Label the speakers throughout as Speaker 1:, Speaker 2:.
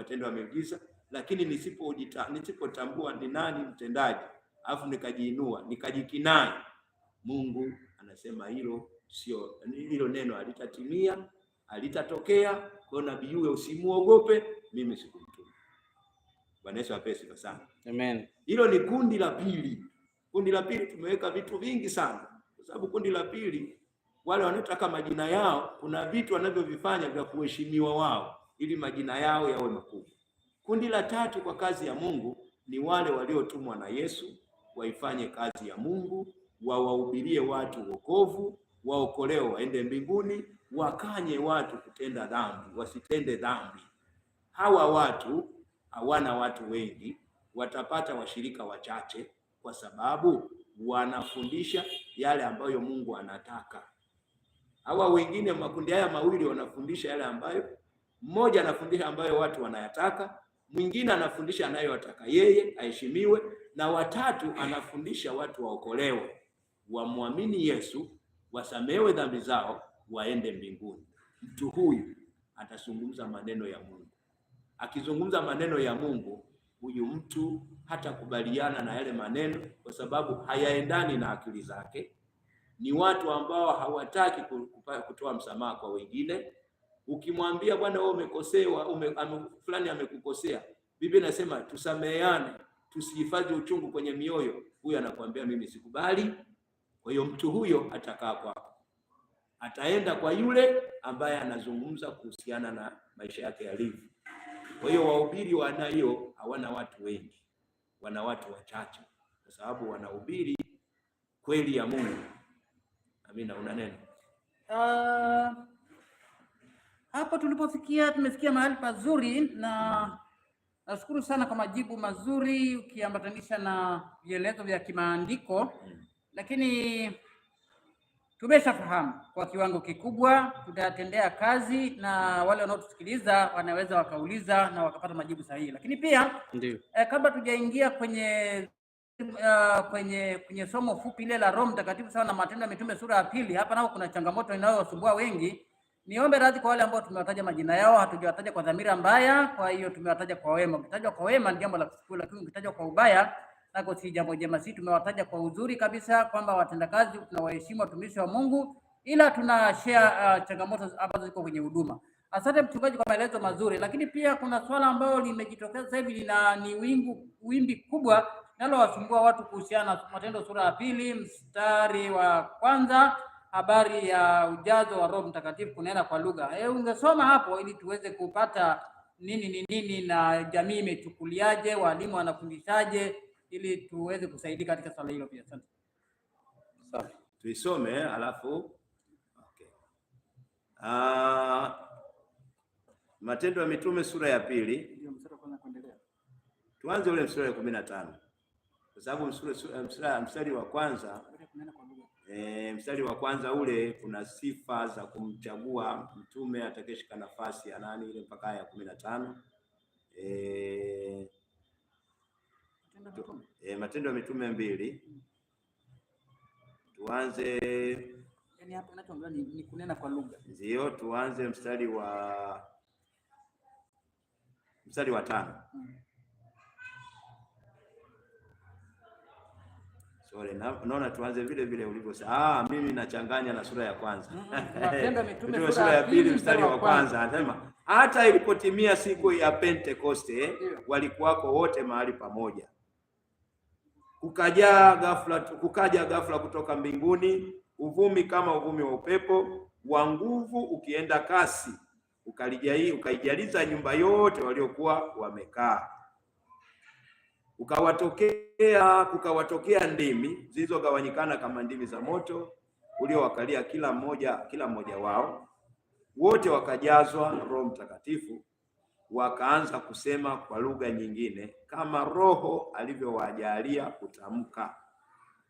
Speaker 1: matendo ya miujiza, lakini nisipotambua ni nani mtendaji, alafu nikajiinua nikajikinai, Mungu anasema hilo sio, hilo neno alitatimia alitatokea. Kwa nabii huyo usimuogope, mimi sikumtuma. Bwana Yesu apewe sifa sana, amen. Hilo ni kundi la pili. Kundi la pili tumeweka vitu vingi sana, kwa sababu kundi la pili wale wanaotaka majina yao, kuna vitu wanavyovifanya vya kuheshimiwa wao ili majina yao yawe makubwa. Kundi la tatu kwa kazi ya Mungu ni wale waliotumwa na Yesu waifanye kazi ya Mungu, wawahubirie watu wokovu, waokolewe waende mbinguni, wakanye watu kutenda dhambi, wasitende dhambi. Hawa watu hawana watu wengi, watapata washirika wachache, kwa sababu wanafundisha yale ambayo Mungu anataka. Hawa wengine makundi haya mawili wanafundisha yale ambayo mmoja anafundisha ambayo watu wanayataka, mwingine anafundisha anayotaka yeye aheshimiwe, na watatu anafundisha watu waokolewe, wamwamini Yesu, wasamewe dhambi zao, waende mbinguni. Mtu huyu atazungumza maneno ya Mungu. Akizungumza maneno ya Mungu, huyu mtu hatakubaliana na yale maneno, kwa sababu hayaendani na akili zake. Ni watu ambao hawataki kutoa msamaha kwa wengine Ukimwambia bwana wewe umekosewa, ume, fulani amekukosea, Biblia inasema tusameheane, tusihifadhi uchungu kwenye mioyo. Huyo anakuambia mimi sikubali. Kwa hiyo mtu huyo atakaa kwako, ataenda kwa yule ambaye anazungumza kuhusiana na maisha yake yalivyo. Kwa hiyo wahubiri wana hiyo hawana watu wengi, wana watu wachache, kwa sababu wanahubiri kweli ya Mungu. Amina, una neno
Speaker 2: uh... Hapo tulipofikia tumefikia mahali pazuri, na nashukuru sana kwa majibu mazuri ukiambatanisha na vielezo vya kimaandiko, lakini tumeshafahamu kwa kiwango kikubwa, tutatendea kazi na wale wanaotusikiliza wanaweza wakauliza na wakapata majibu sahihi. Lakini pia eh, kabla tujaingia kwenye Uh, kwenye kwenye somo fupi ile la Roho Mtakatifu sawa na Matendo ya Mitume sura ya pili, hapa nao kuna changamoto inayowasumbua wengi Niombe radhi kwa wale ambao tumewataja majina yao, hatujawataja kwa dhamira mbaya, kwa hiyo tumewataja kwa wema. Ukitajwa kwa wema ni jambo la kushukuru, lakini ukitajwa kwa ubaya nako si jambo jema. Sisi tumewataja kwa uzuri kabisa kwamba watendakazi tunawaheshimu watumishi wa Mungu, ila tuna share uh, changamoto ambazo ziko kwenye huduma. Asante mchungaji kwa maelezo mazuri, lakini pia kuna swala ambalo limejitokeza sasa hivi lina ni wingu, wimbi kubwa linalowasumbua watu kuhusiana na Matendo sura ya pili mstari wa kwanza habari ya ujazo wa Roho Mtakatifu kunena kwa lugha. E, ungesoma hapo ili tuweze kupata nini ni nini na jamii imechukuliaje, walimu wanafundishaje, ili tuweze kusaidika katika swala hilo pia. Asante.
Speaker 1: Safi, tuisome alafu okay. Uh, Matendo ya Mitume sura ya pili tuanze ule mstari wa kumi na tano kwa sababu mstari wa kwanza E, mstari wa kwanza ule kuna sifa za kumchagua mtume atakayeshika nafasi ya nani ile mpaka ya kumi na tano. E, e, Matendo ya Mitume mbili tuanze,
Speaker 2: yani hapo unachoongea ni, ni kunena kwa lugha.
Speaker 1: Ndio, tuanze mstari wa mstari wa tano. Hmm. Sorry, naona tuanze vile vile ulivyo. Ah, mimi nachanganya na sura ya kwanza. Matendo mm, mm, mm. Mitume sura ya pili mstari wa kwanza anasema hata ilipotimia siku ya Pentekoste walikuwako wote mahali pamoja. Kukaja ghafla, kukaja ghafla kutoka mbinguni uvumi kama uvumi wa upepo wa nguvu ukienda kasi ukalijai ukaijaliza nyumba yote waliokuwa wamekaa ukawatokea kukawatokea ndimi zilizogawanyikana kama ndimi za moto uliowakalia kila mmoja kila mmoja wao. Wote wakajazwa Roho Mtakatifu, wakaanza kusema kwa lugha nyingine kama Roho alivyowajalia kutamka.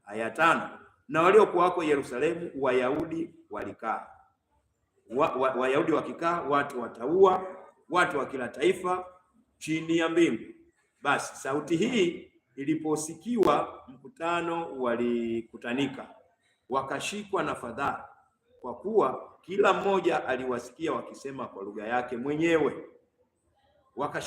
Speaker 1: Aya tano, na waliokuwako Yerusalemu Wayahudi walikaa wa, wa, Wayahudi wakikaa watu wataua watu wa kila taifa chini ya mbingu basi sauti hii iliposikiwa, mkutano walikutanika, wakashikwa na fadhaa, kwa kuwa kila mmoja aliwasikia wakisema kwa lugha yake mwenyewe Wakashikwa